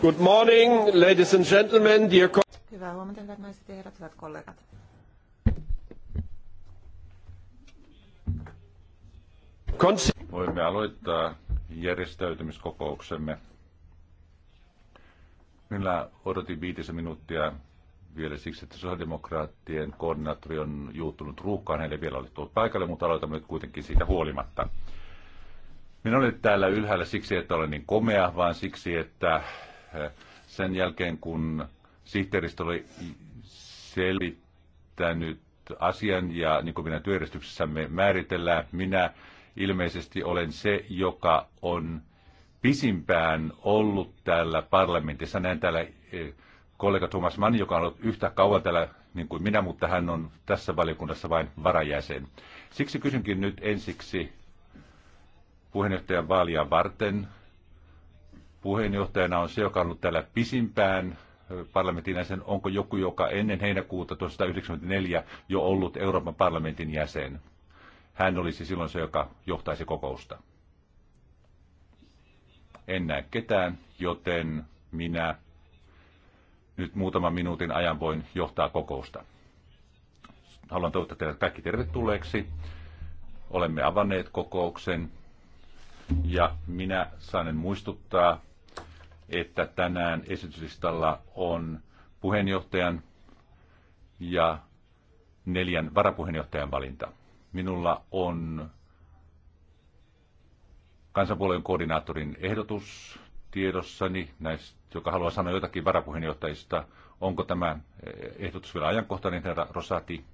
Good morning, ladies and gentlemen, dear Hyvää huomenta, hyvät naiset ja herrat, hyvät kollegat. Voimme aloittaa järjestäytymiskokouksemme. Minä odotin viitisen minuuttia vielä siksi, että sosiaalidemokraattien koordinaattori on juuttunut ruuhkaan. Heille vielä oli tullut paikalle, mutta aloitamme nyt kuitenkin siitä huolimatta. Minä olen täällä ylhäällä siksi, että olen niin komea, vaan siksi, että eh, sen jälkeen kun sihteeristö oli selittänyt asian ja niin kuin minä työjärjestyksessämme määritellään, minä ilmeisesti olen se, joka on pisimpään ollut täällä parlamentissa. Näen täällä eh, kollega Thomas Mann, joka on ollut yhtä kauan täällä niin kuin minä, mutta hän on tässä valiokunnassa vain varajäsen. Siksi kysynkin nyt ensiksi puheenjohtajan vaalia varten. Puheenjohtajana on se, joka on ollut täällä pisimpään parlamentin jäsen. Onko joku, joka ennen heinäkuuta 1994 jo ollut Euroopan parlamentin jäsen? Hän olisi silloin se, joka johtaisi kokousta. En näe ketään, joten minä nyt muutaman minuutin ajan voin johtaa kokousta. Haluan toivottaa teidät kaikki tervetulleeksi. Olemme avanneet kokouksen. Ja minä saanen muistuttaa, että tänään esityslistalla on puheenjohtajan ja neljän varapuheenjohtajan valinta. Minulla on kansanpuolueen koordinaattorin ehdotus tiedossani, näistä, joka haluaa sanoa jotakin varapuheenjohtajista. Onko tämä eh, ehdotus vielä ajankohtainen, herra Rosati?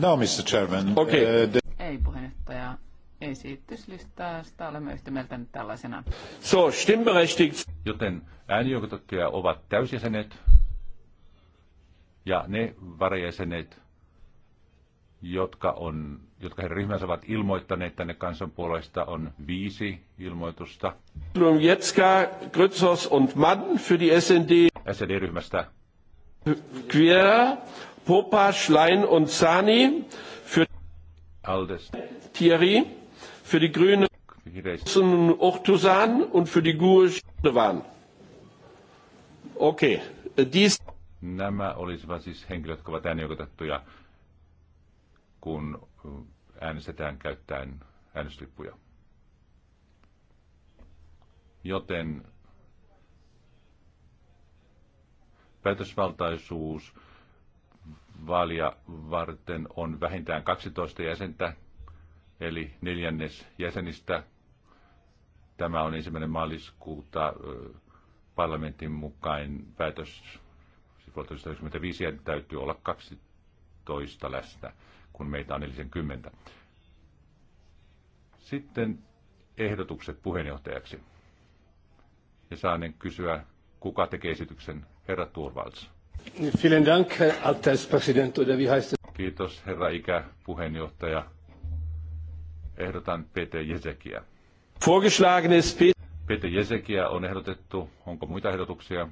No, Mr. Chairman. Okay. Uh, eh, esityslistasta olemme yhtä mieltä nyt tällaisena. So, Joten äänioikeututtuja ovat täysjäsenet ja ne varajäsenet, jotka, on, jotka heidän ryhmänsä ovat ilmoittaneet tänne kansanpuolueesta, on viisi ilmoitusta. Jetska, Grützos und Mann für die SND. SND-ryhmästä. Quier, Popa, Schlein und Sani für Aldes. Thierry. Für die Grünen Ortusan und für die GUE Schirdewan. Okei. Okay. Äh, dies... Nämä olisivat siis henkilöt, jotka ovat äänioikeutettuja, kun äh, äänestetään käyttäen äänestyslippuja. Joten päätösvaltaisuus vaalia varten on vähintään 12 jäsentä eli neljännes jäsenistä. Tämä on ensimmäinen maaliskuuta parlamentin mukaan päätös, siis vuonna 1995 täytyy olla 12 läsnä, kun meitä on 40. Sitten ehdotukset puheenjohtajaksi. Ja saanen kysyä, kuka tekee esityksen? Herra Turvalds. Vielen Dank, Kiitos, herra ikäpuheenjohtaja. Ehdotan Pete Jesekiä. Pete Jesekiä on ehdotettu. Onko muita ehdotuksia?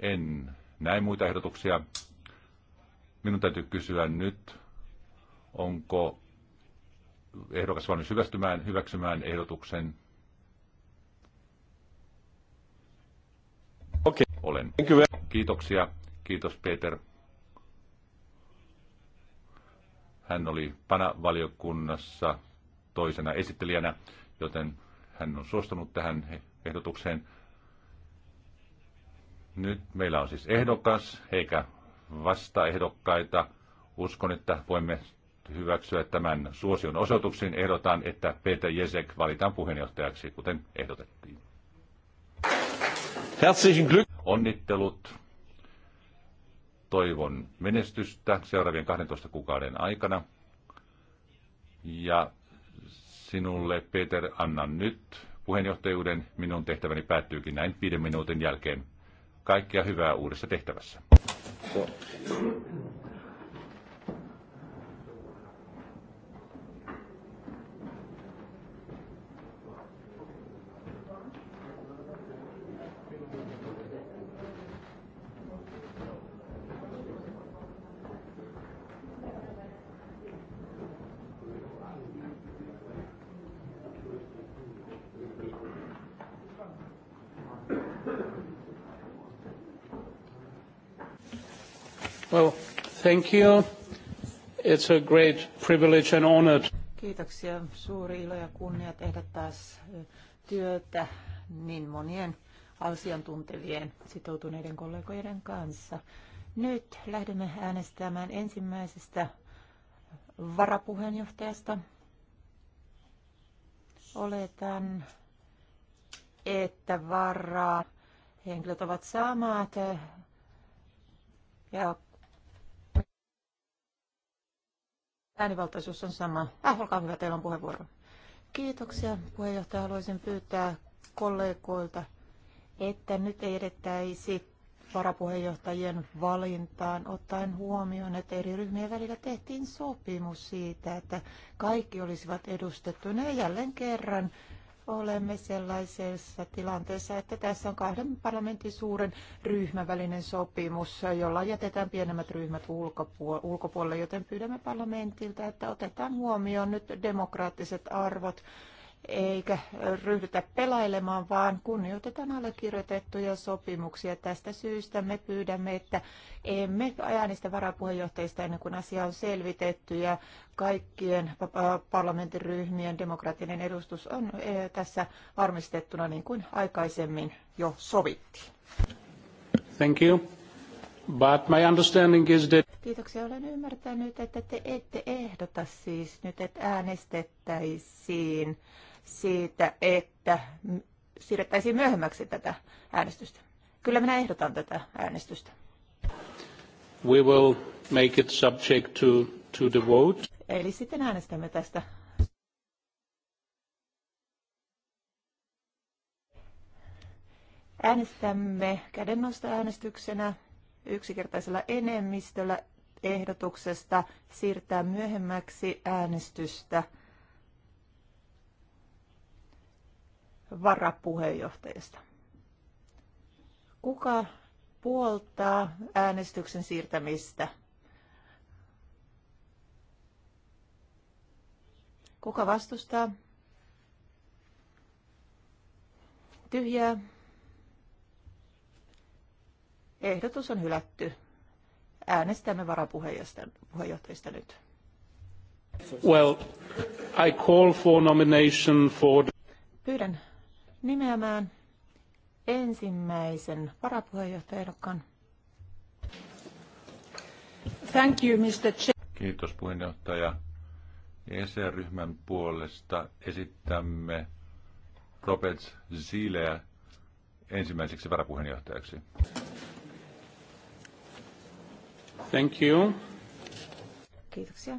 En näe muita ehdotuksia. Minun täytyy kysyä nyt, onko ehdokas valmis hyvästymään, hyväksymään ehdotuksen. Okei. Okay. Olen. Kiitoksia. Kiitos Peter. Hän oli PANA-valiokunnassa toisena esittelijänä, joten hän on suostunut tähän ehdotukseen. Nyt meillä on siis ehdokas eikä vastaehdokkaita. Uskon, että voimme hyväksyä tämän suosion osoituksen. Ehdotan, että Peter Jesek valitaan puheenjohtajaksi, kuten ehdotettiin. Herzlichen Glück. Onnittelut toivon menestystä seuraavien 12 kuukauden aikana. Ja sinulle, Peter, annan nyt puheenjohtajuuden. Minun tehtäväni päättyykin näin viiden minuutin jälkeen. Kaikkea hyvää uudessa tehtävässä. Well, thank you. It's a great privilege and honor. Kiitoksia. Suuri ilo ja kunnia tehdä taas työtä niin monien asiantuntevien sitoutuneiden kollegoiden kanssa. Nyt lähdemme äänestämään ensimmäisestä varapuheenjohtajasta. Oletan, että varaa henkilöt ovat samat ja Äänivaltaisuus on sama. Ah, olkaa hyvä, teillä on puheenvuoro. Kiitoksia. Puheenjohtaja, haluaisin pyytää kollegoilta, että nyt ei edettäisi varapuheenjohtajien valintaan ottaen huomioon, että eri ryhmien välillä tehtiin sopimus siitä, että kaikki olisivat edustettuina ja jälleen kerran olemme sellaisessa tilanteessa, että tässä on kahden parlamentin suuren ryhmän välinen sopimus, jolla jätetään pienemmät ryhmät ulkopuolelle, joten pyydämme parlamentilta, että otetaan huomioon nyt demokraattiset arvot eikä ryhdytä pelailemaan, vaan kunnioitetaan allekirjoitettuja sopimuksia. Tästä syystä me pyydämme, että emme niistä varapuheenjohtajista ennen kuin asia on selvitetty ja kaikkien äh, parlamenttiryhmien demokraattinen edustus on äh, tässä varmistettuna niin kuin aikaisemmin jo sovittiin. Thank you. But my understanding is that... Kiitoksia. Olen ymmärtänyt, että te ette ehdota siis nyt, että äänestettäisiin siitä, että siirrettäisiin myöhemmäksi tätä äänestystä. Kyllä minä ehdotan tätä äänestystä. We will make it subject to, to the vote. Eli sitten äänestämme tästä. Äänestämme kädennosta äänestyksenä yksinkertaisella enemmistöllä ehdotuksesta siirtää myöhemmäksi äänestystä varapuheenjohtajista. Kuka puoltaa äänestyksen siirtämistä? Kuka vastustaa? Tyhjää. Ehdotus on hylätty. Äänestämme varapuheenjohtajista nyt. Well, I call for nomination for... Pyydän nimeämään ensimmäisen varapuheenjohtajan. Thank you, Mr. Chair. Kiitos puheenjohtaja. ESR-ryhmän puolesta esittämme Robert Zileä ensimmäiseksi varapuheenjohtajaksi. Thank you. Kiitoksia.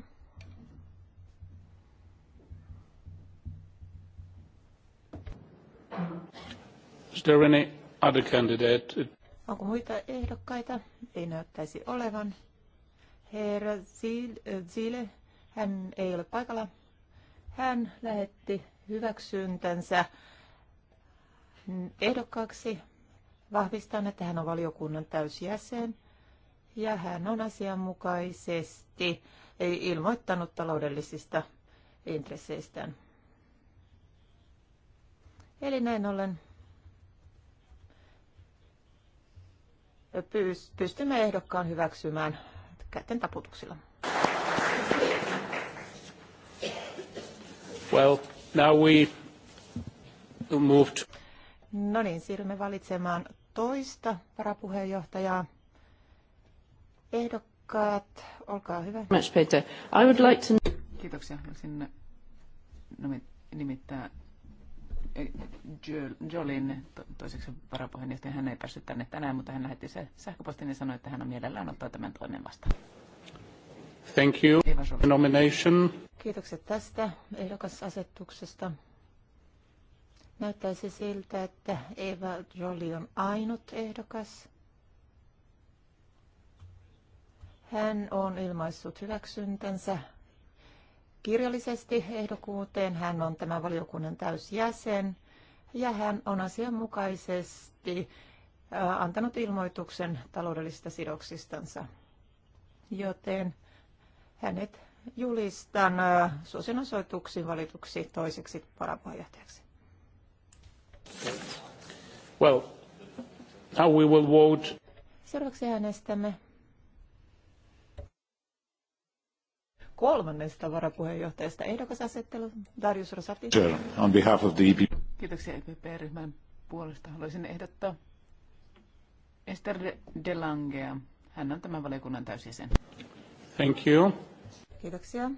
Is there any other candidate? Onko muita ehdokkaita? Ei näyttäisi olevan. Herra äh, Zile, hän ei ole paikalla. Hän lähetti hyväksyntänsä ehdokkaaksi. Vahvistan, että hän on valiokunnan täysjäsen ja hän on asianmukaisesti ilmoittanut taloudellisista intresseistään. Eli näin ollen pystymme ehdokkaan hyväksymään käten taputuksilla. Well, now we moved. No niin, siirrymme valitsemaan toista varapuheenjohtajaa. Ehdokkaat, olkaa hyvä. Much better. I would like to... Kiitoksia. Haluaisin nimittää Jolin toiseksi varapuheenjohtaja. Hän ei päässyt tänne tänään, mutta hän lähetti se sähköpostin ja sanoi, että hän on mielellään ottaa tämän toimen vastaan. Thank you. Nomination. Kiitokset tästä ehdokasasetuksesta. Näyttäisi siltä, että Eva Jolli on ainut ehdokas. Hän on ilmaissut hyväksyntänsä kirjallisesti ehdokuuteen. Hän on tämän valiokunnan täysjäsen ja hän on asianmukaisesti äh, antanut ilmoituksen taloudellisista sidoksistansa. Joten hänet julistan äh, suosinosoituksiin valituksi toiseksi varapuheenjohtajaksi. Well, now we will vote. Seuraavaksi äänestämme kolmannesta varapuheenjohtajasta. Ehdokasasettelu Darius Rosati. Sure. On behalf of the EP. Kiitoksia EPP-ryhmän puolesta. Haluaisin ehdottaa Esther de Langea. Hän on tämän valiokunnan täysjäsen. Thank you. Kiitoksia.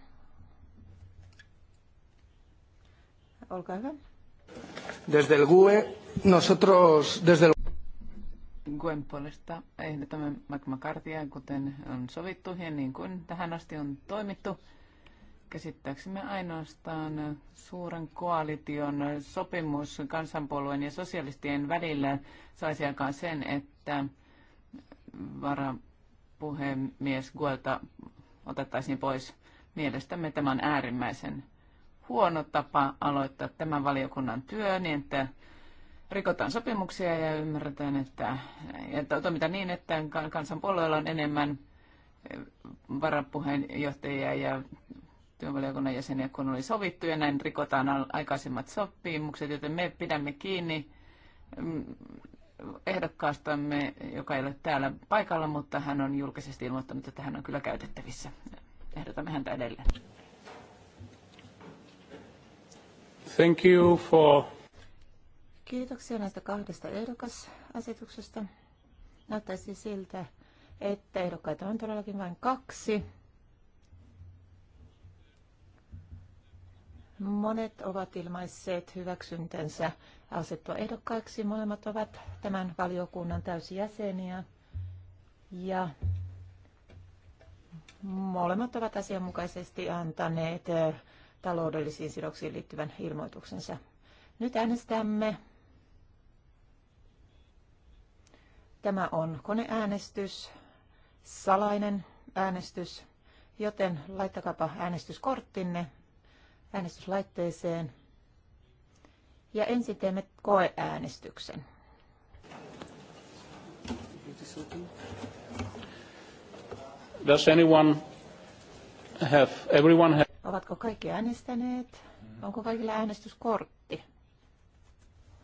Olkaa hyvä. Desde el GUE, nosotros, desde el... Gwen puolesta ehdotamme Mike kuten on sovittu ja niin kuin tähän asti on toimittu. Käsittääksemme ainoastaan suuren koalition sopimus kansanpuolueen ja sosialistien välillä saisi aikaan sen, että varapuhemies Guelta otettaisiin pois. Mielestämme tämä on äärimmäisen huono tapa aloittaa tämän valiokunnan työ, niin että rikotaan sopimuksia ja ymmärretään, että että toimitaan niin, että kansanpuolueella on enemmän eh, varapuheenjohtajia ja työvaliokunnan jäseniä kun oli sovittu ja näin rikotaan aikaisemmat sopimukset, joten me pidämme kiinni mm, ehdokkaastamme, joka ei ole täällä paikalla, mutta hän on julkisesti ilmoittanut, että hän on kyllä käytettävissä. Ehdotamme häntä edelleen. Thank you for Kiitoksia näistä kahdesta ehdokasasetuksesta. Näyttäisi siltä, että ehdokkaita on todellakin vain kaksi. Monet ovat ilmaisseet hyväksyntänsä asettua ehdokkaiksi. Molemmat ovat tämän valiokunnan täysjäseniä ja molemmat ovat asianmukaisesti antaneet taloudellisiin sidoksiin liittyvän ilmoituksensa. Nyt äänestämme Tämä on koneäänestys, salainen äänestys, joten laittakapa äänestyskorttinne äänestyslaitteeseen. Ja ensin teemme koeäänestyksen. Does anyone have, everyone have... Ovatko kaikki äänestäneet? Onko kaikilla äänestyskortti?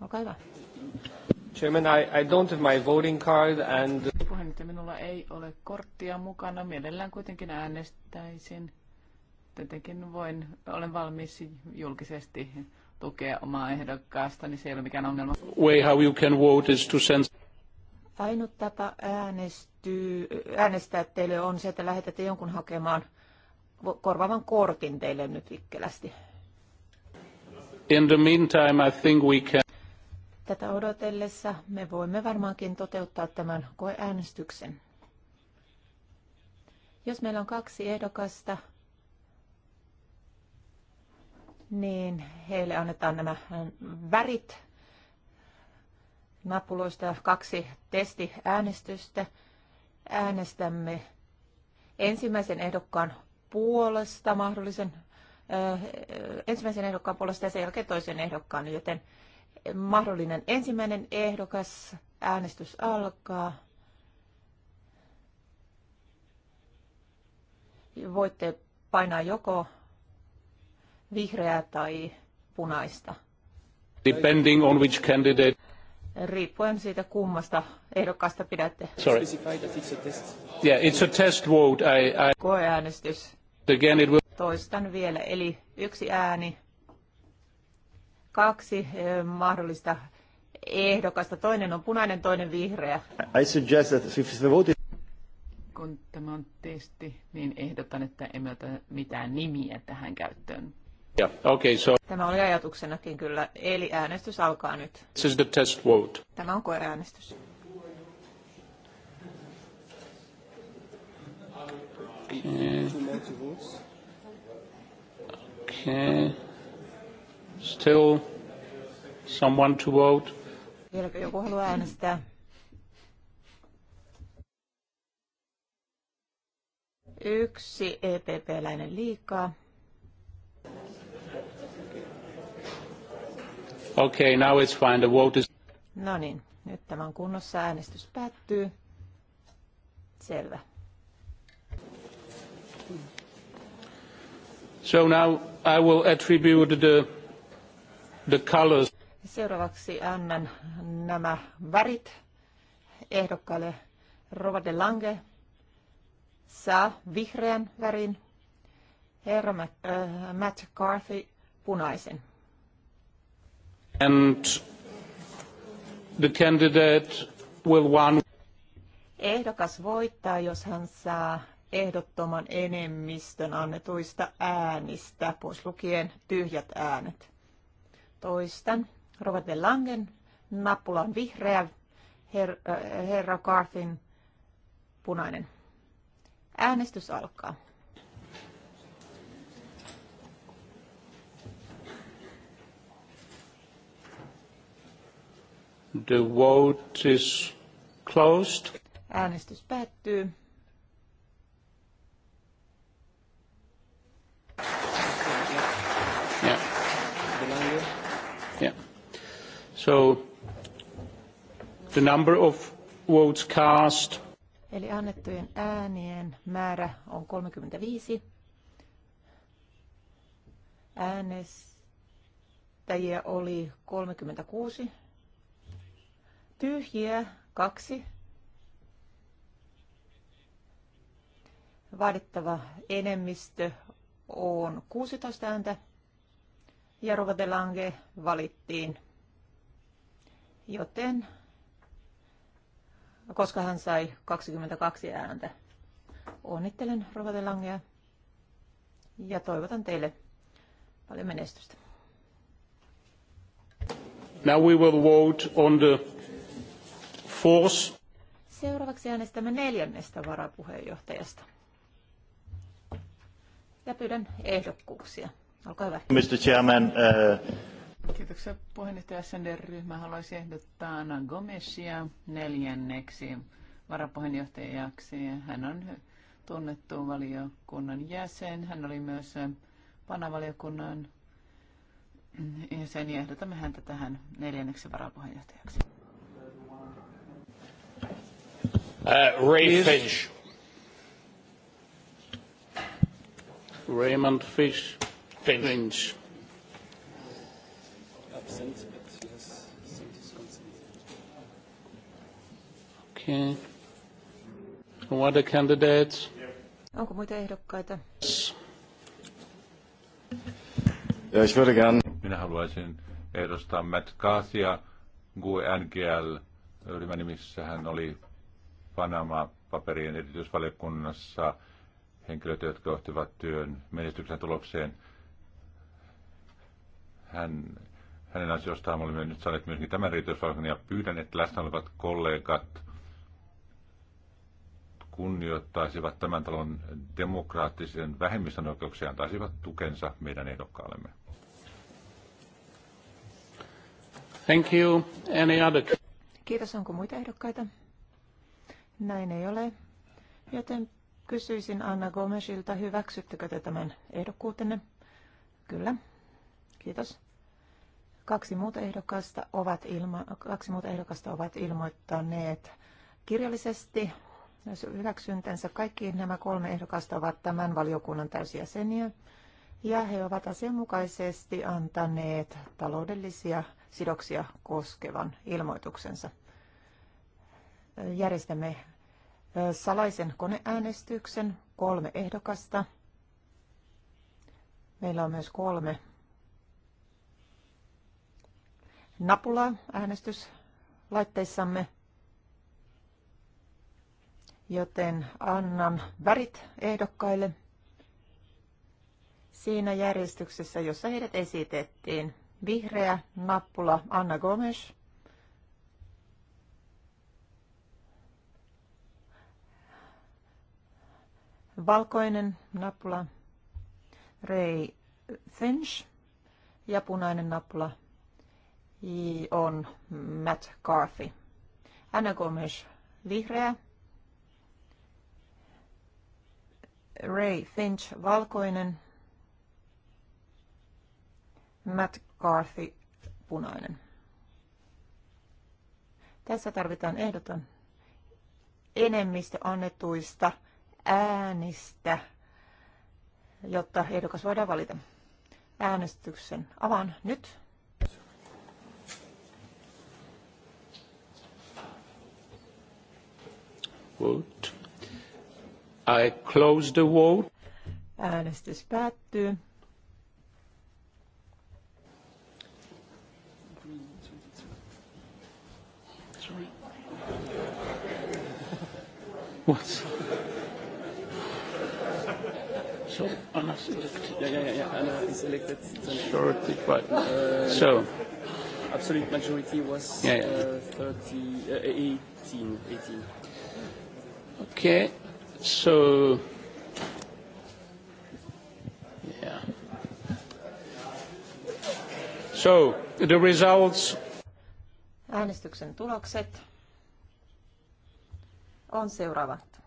Olkaa hyvä. Chairman, I, I don't have my voting card and... Puheenjohtaja, minulla ei ole korttia mukana. Mielellään kuitenkin äänestäisin. Tietenkin voin, olen valmis julkisesti tukea omaa ehdokkaasta, niin se ei ole mikään ongelma. Way how you can vote is to send... Ainut tapa äänestyy, äänestää teille on se, että lähetätte jonkun hakemaan korvaavan kortin teille nyt vikkelästi. In the meantime, I think we can Tätä odotellessa me voimme varmaankin toteuttaa tämän koeäänestyksen. Jos meillä on kaksi ehdokasta, niin heille annetaan nämä värit napuloista kaksi testiäänestystä. Äänestämme ensimmäisen ehdokkaan puolesta mahdollisen ensimmäisen ehdokkaan puolesta ja sen jälkeen toisen ehdokkaan, joten mahdollinen ensimmäinen ehdokas. Äänestys alkaa. Voitte painaa joko vihreää tai punaista. Depending on which candidate. Riippuen siitä kummasta ehdokasta pidätte. Sorry. Yeah, it's a test vote. I, I... Koeäänestys. Again it will... Toistan vielä, eli yksi ääni kaksi eh, mahdollista ehdokasta. Toinen on punainen, toinen vihreä. I suggest that if the vote is... Kun tämä on testi, niin ehdotan, että emme ota mitään nimiä tähän käyttöön. Yeah. Okay, so... Tämä oli ajatuksenakin kyllä. Eli äänestys alkaa nyt. This is the test vote. Tämä on koeäänestys. Okay. okay. Still someone to vote? Vieläkö joku haluaa äänestää? Yksi EPP-läinen liikaa. Okay, now it's fine. The vote is... No niin, nyt tämä on kunnossa. Äänestys päättyy. Selvä. So now I will attribute the the colors. Seuraavaksi annan nämä värit ehdokkaalle Rova de Lange saa vihreän värin, herra Matt, äh, Matt Carthy punaisen. And the candidate will one... Ehdokas voittaa, jos hän saa ehdottoman enemmistön annetuista äänistä, pois lukien tyhjät äänet. Toistan. Robert de Langen, nappula on vihreä, her, äh, herra Carthin punainen. Äänestys alkaa. The vote is closed. Äänestys päättyy. So the number of votes cast. Eli annettujen äänien määrä on 35. Äänestäjiä oli 36. Tyhjiä 2. Vaadittava enemmistö on 16 ääntä ja Rovatelange valittiin Joten, koska hän sai 22 ääntä, onnittelen Rovatelangea ja toivotan teille paljon menestystä. Now we will vote on the fourth. Seuraavaksi äänestämme neljännestä varapuheenjohtajasta. Ja pyydän ehdokkuuksia. Olkaa hyvä. Mr. Chairman, uh... Kiitoksia puheenjohtaja SND-ryhmä. Haluaisin ehdottaa Anna Gomesia neljänneksi varapuheenjohtajaksi. Hän on tunnettu valiokunnan jäsen. Hän oli myös panavaliokunnan jäsen ja ehdotamme häntä tähän neljänneksi varapuheenjohtajaksi. Uh, Ray Finch. Raymond Fish. Finch. Finch absent, but she has sent consent. Okay. candidates? Onko muita ehdokkaita? Ja, ich würde gern... Minä haluaisin ehdostaa Matt Kaasia GUNGL. Ryhmän nimissä hän oli Panama-paperien erityisvaliokunnassa henkilöt, jotka johtivat työn menestyksen tulokseen. Hän hänen asioistaan me olemme nyt saaneet myöskin tämän riitysvalkan ja pyydän, että läsnä olevat kollegat kunnioittaisivat tämän talon demokraattisen vähemmistön oikeuksia ja antaisivat tukensa meidän ehdokkaallemme. Thank you. Any other... Kiitos. Onko muita ehdokkaita? Näin ei ole. Joten kysyisin Anna Gomesilta, hyväksyttekö te tämän ehdokkuutenne? Kyllä. Kiitos. Kaksi muuta ehdokasta ovat, ilma, kaksi muuta ehdokasta ovat ilmoittaneet kirjallisesti hyväksyntänsä. Kaikki nämä kolme ehdokasta ovat tämän valiokunnan täysjäseniä ja he ovat asianmukaisesti antaneet taloudellisia sidoksia koskevan ilmoituksensa. Järjestämme salaisen koneäänestyksen kolme ehdokasta. Meillä on myös kolme napulaa äänestyslaitteissamme, joten annan värit ehdokkaille siinä järjestyksessä, jossa heidät esitettiin. Vihreä nappula Anna Gomes. Valkoinen nappula Ray Finch ja punainen nappula on Matt Carthy. on myös vihreä. Ray Finch, valkoinen. Matt Carthy, punainen. Tässä tarvitaan ehdoton enemmistö annetuista äänistä, jotta ehdokas voidaan valita. Äänestyksen avaan nyt. vote. I close the vote. Äänestys päättyy. What? So Anna selected. Yeah, yeah, yeah. Anna is but uh, so absolute majority was yeah, yeah. Uh, 30, uh, 18, 18. Okay, so yeah. So the results. Äänestyksen tulokset on seuraavat.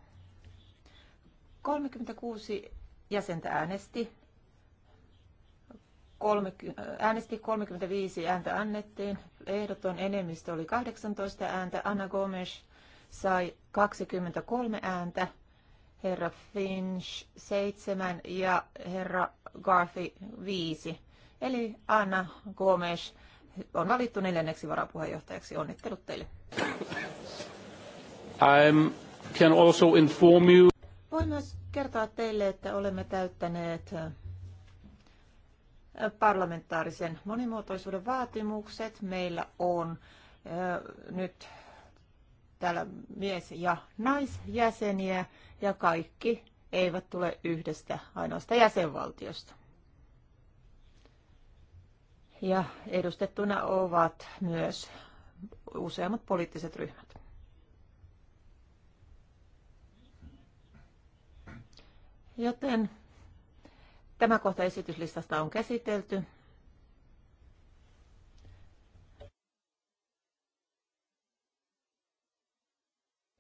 36 jäsentä äänesti. 30, äänesti 35 ääntä annettiin. Ehdoton enemmistö oli 18 ääntä. Anna Gomes sai 23 ääntä, herra Finch 7 ja herra Garfi 5. Eli Anna Gomes on valittu neljänneksi varapuheenjohtajaksi. Onnittelut teille. I can also inform you. Voin myös kertoa teille, että olemme täyttäneet äh, parlamentaarisen monimuotoisuuden vaatimukset. Meillä on äh, nyt täällä mies- ja naisjäseniä ja kaikki eivät tule yhdestä ainoasta jäsenvaltiosta. Ja edustettuna ovat myös useammat poliittiset ryhmät. Joten tämä kohta esityslistasta on käsitelty.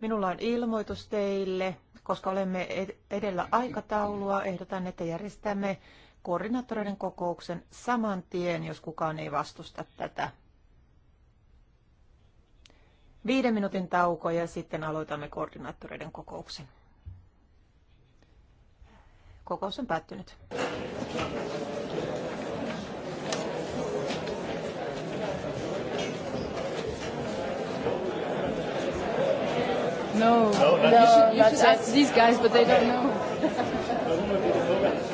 Minulla on ilmoitus teille, koska olemme edellä aikataulua. Ehdotan, että järjestämme koordinaattoreiden kokouksen saman tien, jos kukaan ei vastusta tätä. Viiden minuutin tauko ja sitten aloitamme koordinaattoreiden kokouksen. Kokous on päättynyt. No, no, no, you should, you should ask these guys, but they don't know.